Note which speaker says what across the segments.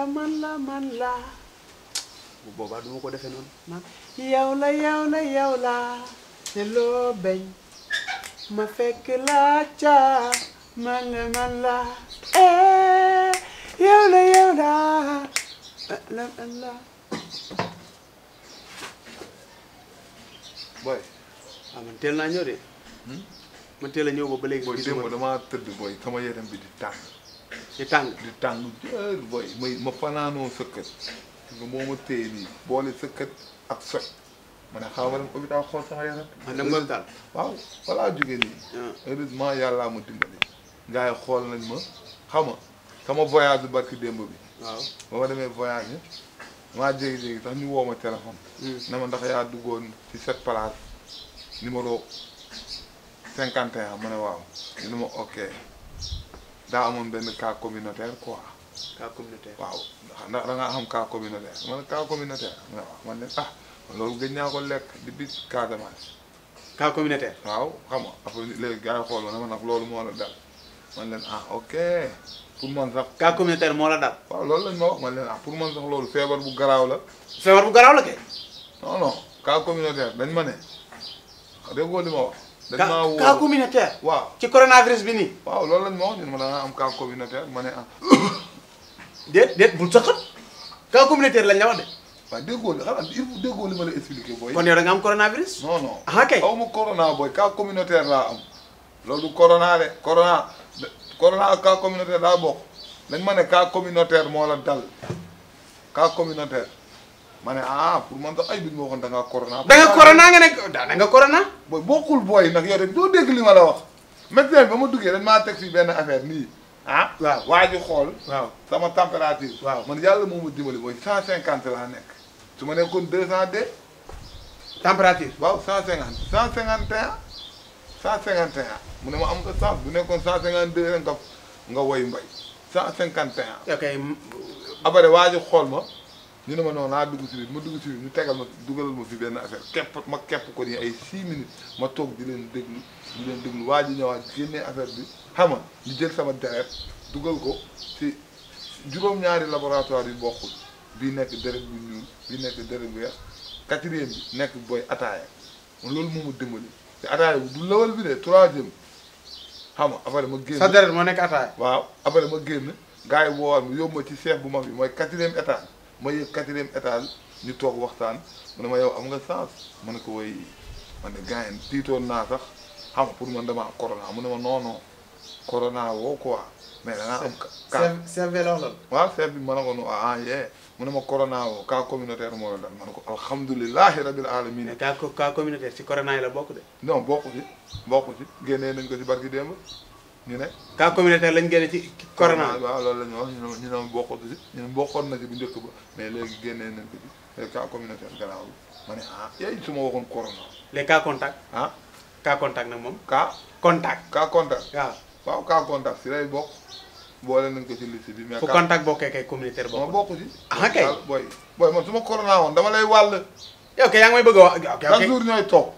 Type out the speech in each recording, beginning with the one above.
Speaker 1: la man la man la bu boobaa du ko defee noonu man yow la yow la yow la te loo ma fekk la ca man la man la eh yow la yow la la man la boy ah man teel naa ñëw de hmm? man teel a ñëw ba ba léegi
Speaker 2: booy bi di tàng di tàng di tàng jër boy may ma fanaanoo sëkkat nga moo ma nii boole sëkkat ak soj ma ne xaw ma dem hôpital xool sama yaram. ma dem hôpital waaw balaa jóge nii. Ah. heureusement yàllaa ma dimbali. gars xool nañ ma xam ma sama voyage barki démb bi. waaw ba ma demee voyage maa jégi-jégi sax ñu woo ma téléphone. Hmm. ne ma ndax yaa duggoon ci cette place numéro 51 ma ne waaw ñu ne ma ok. daa amoon benn cas communautaire quoi.
Speaker 1: cas communautaire waaw
Speaker 2: ndax da ngaa xam cas communautaire man cas communautaire waaw man de ah, loolu ko lekk depuis Casamance. cas communautaire. waaw xam nga ma ne loolu moo la dal man leen ah ok pour man sax. cas communautaire moo la dal. waaw loolu lañ ma man leen ah, pour man sax loolu feebar bu garaaw la. feebar bu garaaw la kay. non cas communautaire dañ ma ne déggoo li ma wax. dañ maa woo waaw ci coronavirus bi nii. waaw loolu lañ ma wax ñun ma daan am cas communautaire ma ne ah. déet bul saxat cas communautaire lañ la wax de. waaw déggoo li xanaa déggoo li ma la expliqué booy. kon yow da nga am coronavirus. non non ah kay aw ma corona booy ka communautaire la am. loolu corona de corona corona ak cas communautaire daa bokk dañ ma ne ka communautaire moo la dal cas communautaire. mané ah pour man nga ay bit mo xon da nga corona da nga corona nga nek da nga corona boy bokul boy nak yow rek do deg li ma la wax médecin bama duggé dañ ma tek fi ben affaire ni ah waaw waji xol waaw sama température waaw man yalla mo ma dimali boy 150 la nek suma nekkon 200 de température waaw 150 151 151 mune ma am ko sax bu nekkon 152 nga nga way mbay 151 ok abare waji xol ma ñu ne ma noonu naa dugg si biir ma dugg si biir ñu tegal ma dugalal ma fi benn affaire kepp ma kepp ko nii ay 6 minutes ma toog di leen déglu di leen déglu waa ji ñëwaat génnee affaire bi xam nga jël sama deret dugal ko ci juróom-ñaari laboratoire yu bokkul bii nekk deret bu ñuul bii nekk deret bu weex quatrième bi nekk booy ataaya loolu moo ma dimbali te ataaya bu du lawal bi de troisième xam nga ma génn. sa deret moo nekk ataaya. waaw après ma génn gars yi woo ma yóbbu ma ci chef bu mag bi mooy quatrième étage. ma yëg quatrième étage ñu toog waxtaan mu ne ma yow am nga sens ma ne ko woy man de gars tiitoon naa sax xam pour man dama am corona mu ne ma non non woo quoi. mais danaa am cas chef ma ne ko non ah, ah yee mu ne ma corona woo cas communautaire moo la dal ma ne ko alhamdulilahi rabil alamin mais cas communautaire si corona yi la bokk de. non bokku ci bokku ci génnee nañ ko ci barki démb. ñu ne
Speaker 1: cas communautaire lañ génne ci corona
Speaker 2: waaw loolu la ñu wax ñu na ci bu ba ko ci cas communautaire garaaw ma ne ah yooyu su ma waxoon corona. les cas ah? moom. cas contact. cas contact waaw. si lay bokk boole nañ ko ci liste bi. mais fu contact bokkee kay communautaire bokk. bokk ci. ah kay booy booy man su ma corona woon dama lay wàll. yow kay yaa ngi may bëgg wax. ok ok jour ñooy toog.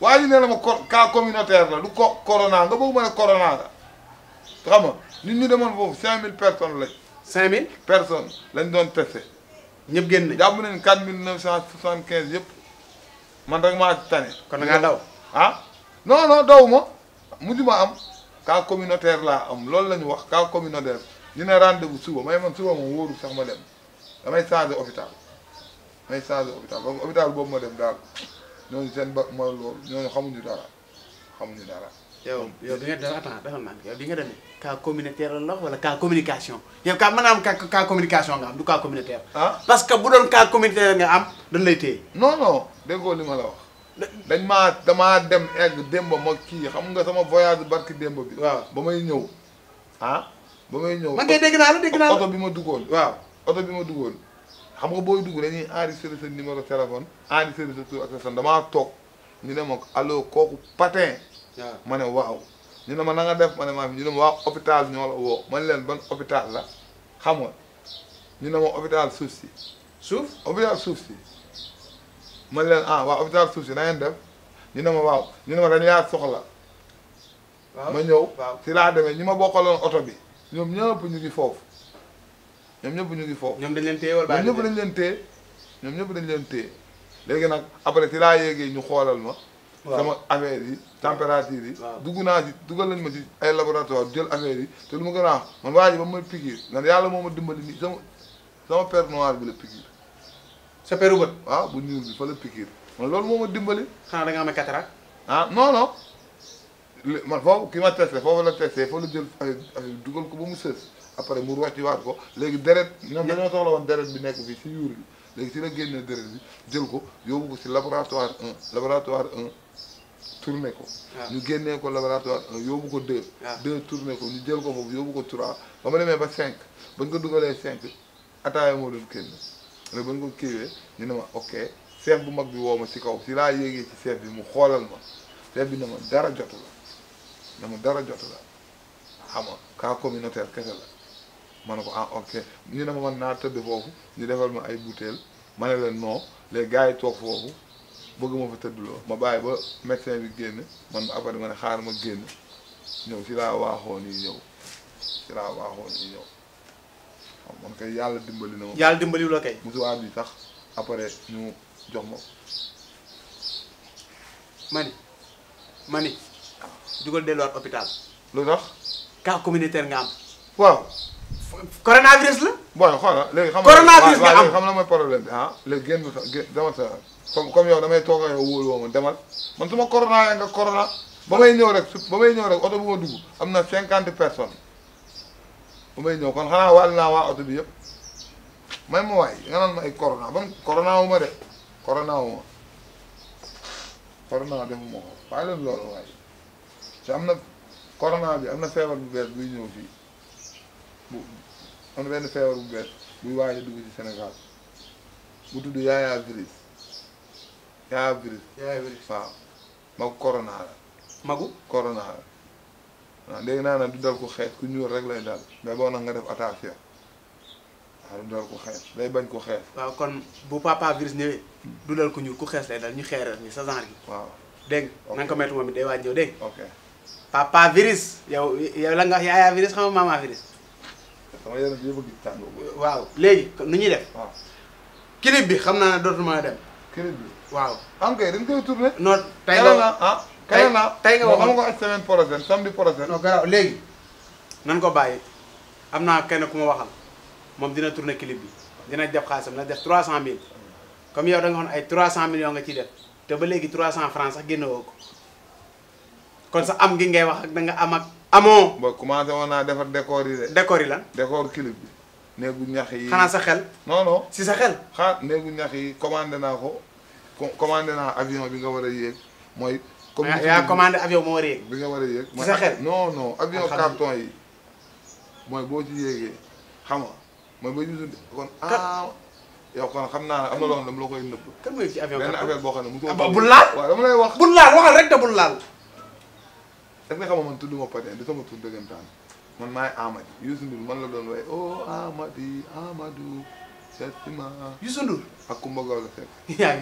Speaker 2: waa ji nee na ma cas communautaire corona nga bëgg ne corona la. xam nga nit ñu demoon foofu 5000 personnes lañ. 5000 personnes lañ doon testé. ñëpp génn nañ jàpp nañ 4975 yëpp man rek maa tane. kon da ngaa daw ah. non non daw ma mujj ma am cas communautaire laa am loolu la ñu wax cas communautaire ñu ne rendez-vous suba may man suba moom wóoru sax ma dem damay changé hôpital may changé hôpital donc hôpital boobu ma dem daal ñooñu seen ba mooy loolu ñooñu xamuñu dara xamuñu dara.
Speaker 1: yow yow bi nga def attends defal naa yow bi nga demee cas communautaire la wala cas communication yow cas maanaam cas cas communication nga am
Speaker 2: du cas communautaire. ah parce que bu doon cas communautaire nga am dañ lay non non déggoo li ma la wax. dañ maa damaa dem egg démb ma kii xam nga sama voyage barki démb bi. waaw ba may ñëw ah. ba may ñëw man kay dégg naa la dégg naa la oto bi ma duggoon. waaw oto bi ma duggoon xam nga booy dugg dañuy enregistré sa numéro téléphone enregistré sa tur damaa toog ñu ne ma allo kooku patin. ma ne waaw ñu ne ma na def ma ne maa fi ñu ma waa hôpital ñoo la woo man leen ban hôpital la xam nga ñu ne ma hôpital suuf si suuf hôpital suuf si man leen ah waa suuf si na ngeen def ñu ne ma waaw ñu ne ma dañ laa soxla ma ñëw si laa demee ñu ma bokkaloon oto bi ñoom ñëpp ñu ngi foofu ñoom ñëpp ñu ngi foofu ñoom dañ leen téye wala ñoom ñëpp dañ leen téye ñoom ñëpp dañ leen téye léegi nag après si laa yéegee ñu xoolal ma sama affaire yi température yi dugg naa ci duggal nañ ma ci ay laboratoire jël affaire te lu ma gën a wax man waa ji ba ma piqûre ndax yàlla moo ma dimbali ni sama per père noir bi la piqûre sa père bët waaw bu ñuul bi fa la piqûre man loolu moo ma dimbali xanaa da nga amee cataracte ah non non man foofu ki ma testé foofu la testé foofu la jël affaire dugal ko ba mu sës après mu rocci waat ko léegi deret ñoom dañoo soxla woon deret bi nekk fii si yuur bi léegi ci la génne deret bi jël ko yóbbu ko si laboratoire 1 laboratoire 1 tourné ko ah. ñu génnee ko laboratoire 1 yóbbu ko 2 2 ah. tourné ko ñu jël ko foofu yóbbu ko 3 ba ma demee ba 5 ba ñu ko dugalee 5 ataaya moo doon kenn mais ba ñu ko kiiwee ñu ne ma ok chef bu mag bi woo ma ci kaw si laa yéegee ci chef bi mu xoolal ma seet bi ne ma dara jotu la ne ma dara jotu la xam nga cas communautaire kese la ma ne ko ah ok ñu ne ma man naa tëdd foofu ñu defal ma ay butéel ma ne leen non les gars yi toog foofu bëgg ma fa tëddloo ma bàyyi ba médecin bi génn man ma après ma ne xaar ma génn ñëw ci laa waaxoo nii ñëw ci laa waaxoo nii ñëw man kay yàlla dimbali na ma. yàlla dimbali la kay. musuwaar bi sax après ñu jox ma. mani mani.
Speaker 1: jugal delluwaat hôpital. lu
Speaker 2: tax. cas communautaire nga am. waaw. coronavirus la. booy xam nga coronavirus nga am léegi xam nga mooy problème bi ah léegi génn génn demal sa comme comme yow damay toog yow wóolu woo ma demal man su corona yaa nga corona ñëw rek may ñëw rek oto ma dugg am na cinquante personnes ba may ñëw kon xanaa wàll naa waa oto bi yëpp may ma waay nga naan ma ay corona ban corona wu ma de corona wu ma corona defu ma ko waaye leen loolu waay te am na corona bi am na feebar bu bees buy ñëw fii am na benn feebar bu bees buy waaj a dugg ci Sénégal bu tudd Yaya virus Yaya virus. Yaya virus corona la. magu corona la waaw léegi naa nag du dal ko xees ku ñuul rek lay dal mais boo nag nga def attention waaw du dal ko xees day bañ ko xees.
Speaker 1: waaw kon bu papa virus ñëwee. du dal ku ñuul ku xees lay dal ñu xeeral ñu sa genre gi. waaw dégg nga nga ko mettre moom it day waaj ñëw dégg papa virus yow yow la nga wax xam nga mama Wow, yaram bi bëgg tàng waaw léegi nu ñuy def waaw clip bi xam naa dootu mën a dem clip bi waaw am ah, kay dañ koy tourné non tey nga
Speaker 2: ah kay na tey nga waxoon ko
Speaker 1: semaine prochaine samedi prochaine non garaaw léegi na def trois cent mille comme yow da nga xoon ay trois cent millions nga ciy def te ba léegi trois cent francs sax génne am gi ngay wax ak
Speaker 2: amoo. ba commencé woon naa defar décor yi de. décor yi lan. décor clip bi. néegu ñax yi xanaa sa xel. non non si sa xel. xaar néegu ñax yi commandé naa ko commandé naa avion bi nga war a yéeg mooy. comme yaa commandé
Speaker 1: avion moo war a yéeg. bi nga war a yéeg. si sa xel
Speaker 2: non ah, avion carton yi mooy boo ci yéegee xam nga mooy ba ñu kon ah. yow xam naa ne am na loo la koy nëbb. kan mooy ci avion boo xam ne mu. bu laal waaw dama lay wax. bu laal waxal rek de bu laal. est-ce que man tudd ma Patien du sama tur dëggantaan man maay Amady Youssou Ndour man la doon way oh Amady Amadou Sestima. Youssou Ndour ak Kumba Gawlo Seck. yaa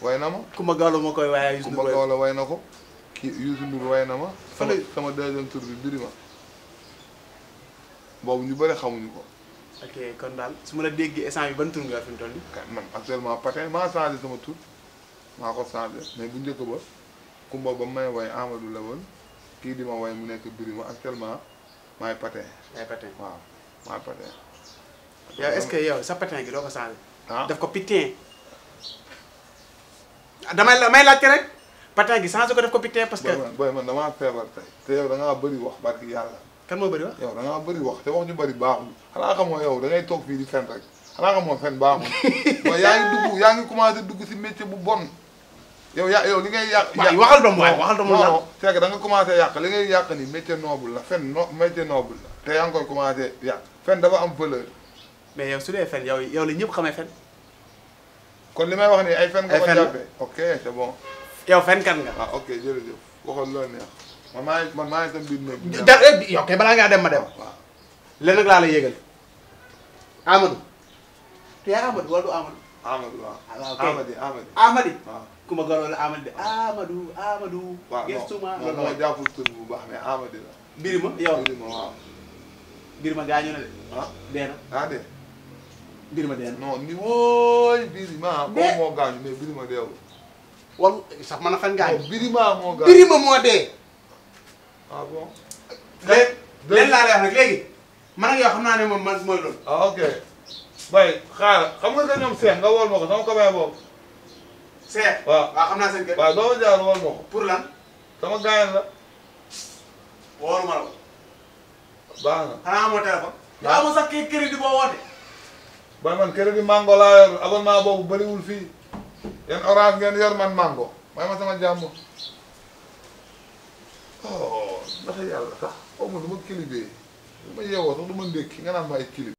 Speaker 2: way na ma Kumba Gawlo ma koy waaye Youssou Ndour way na ko ki Youssou Ndour way na ma. sama sama deuxième tur bi Birima boobu ñu bëri xamuñu ko. ok kon daal su ma la déggee instant bi ban tur nga fi mu toll nii. man actuellement Patien maa changé sama tur maa ko changé mais bu njëkk ba Kumba ba may way Amadou la woon. kii di ma woy mu nekk Birima actuellement maay patin. maay patin waaw maay patin. yow est-ce
Speaker 1: sa patin gi doo ko changé. ah daf ko pitin. Ah, damay may laajte rek patin gi
Speaker 2: changé ko def ko pitin parce que. booy man damaa feebar tey te yow da ngaa wax barki yàlla. kan moo bëri wax yow da ngaa bëri wax te wax ñu bëri baaxul xanaa xamoo yow da ngay toog fii di fen rek xanaa xamoo fen baaxul. mooy yaa ngi dugg yaa ngi commencé dugg si métier bu bon. yow ya yow li ngay yàq. yàq waxal doomu ngay yàq ni métier noble la fen no noble la te yaa ngi koy fen dafa am valeur. mais yow su dee fen yow la ñëpp xamee fen. kon li may wax ni ay fen. nga ko jàppee ok c'est fen kan nga. Ah, ok jërëjëf waxal loo neex man maa ngi man maa ngi tam biir néeg. da
Speaker 1: eh, yow kay ngaa dem ma dem. Ah, waaw
Speaker 2: lenn laa lay yëgal. Amadou.
Speaker 1: tu es Amadou wala du
Speaker 2: Amadou ah. ah, waaw Amady Amady
Speaker 1: Amady. waaw ah. ku ma gënoon la Amady Amadou Amadou. waaw gestuma loolu la waaw jàppul tur bu baax mais Amady la. Birima
Speaker 2: yow Birima waaw. Birima gaañu na de. ah dee na ah dee. Birima dee na non ni wooy Birima. de kooku moo gaañu mais Birima deewul. wala sax man a fan gaañu. Birima moo gaañu Birima moo dee. ah bon.
Speaker 1: léegi léegi laa lay wax nag léegi man ak yow xam naa ne moom man mooy loolu. ah ok. bay xaar xam nga que ñoom seex nga wol ma sama copain boobu. seex waaw waaw xam naa seen jaar wol ma ko. pour lan. sama gaañal la. la ko. baax na
Speaker 2: xanaa amoo téléphone. waaw amoo sax man crédit mango laa yor abonnement boobu bëriwul fii yéen man mango may ma sama jàmm. oh ndax yàlla sax xaw ma lu ma kilibee lu ma yeewoo sax du ma ndékki nga naan ma